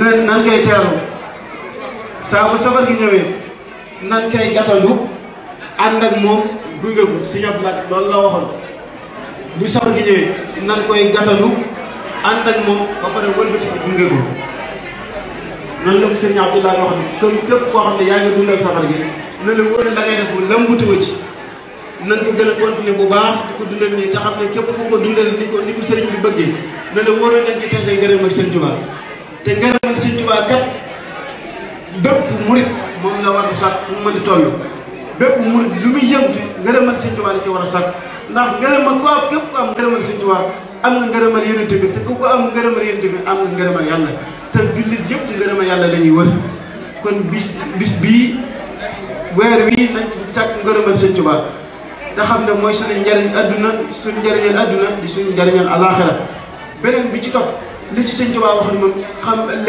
nan nan te teeru saa bu safar gi ñëwee nan kay gàttalu ànd ak moom gunge ko si ñab laaj loolu la waxoon bu safar gi ñëwee nan koy gàttalu ànd ak moom ba pare wëlbati ko gunge ko noonu la ko sëñ Abdoulaye wax ni comme képp koo xam ne yaa ngi dundal safar gi ne la wóor la ngay def bu lëmbutu ko nan ko gën bu baax di ko dundal nii te xam ne képp ku ko dundal ni ko ni ko sëriñ bi bëggee ne la wóor nañ ci tey day gërëm ak sëñ te ngërëmal sëñ Tuubaa kat bépp murit moom la war a sàkk fu mu mën di toll bépp murit lu muy yëngatu ngërëmal sëñ Tuubaa la ci war a sàkk ndax ngërëmal ko am képp ko am ngërëmal sëñ Tuubaa am nga ngërëmal te ku ko am ngërëmal yonent bi am nga ngërëmal yàlla te jullit yëpp ngërëmal yàlla la ñuy kon bis bis bii weer wii nañ ci sàkk ngërëmal sëñ Tuubaa te xam ne mooy suñu njariñ adduna suñu njariñal adduna di suñu njariñal alaxira beneen bi ci topp li ci sëñ Tuubaa wax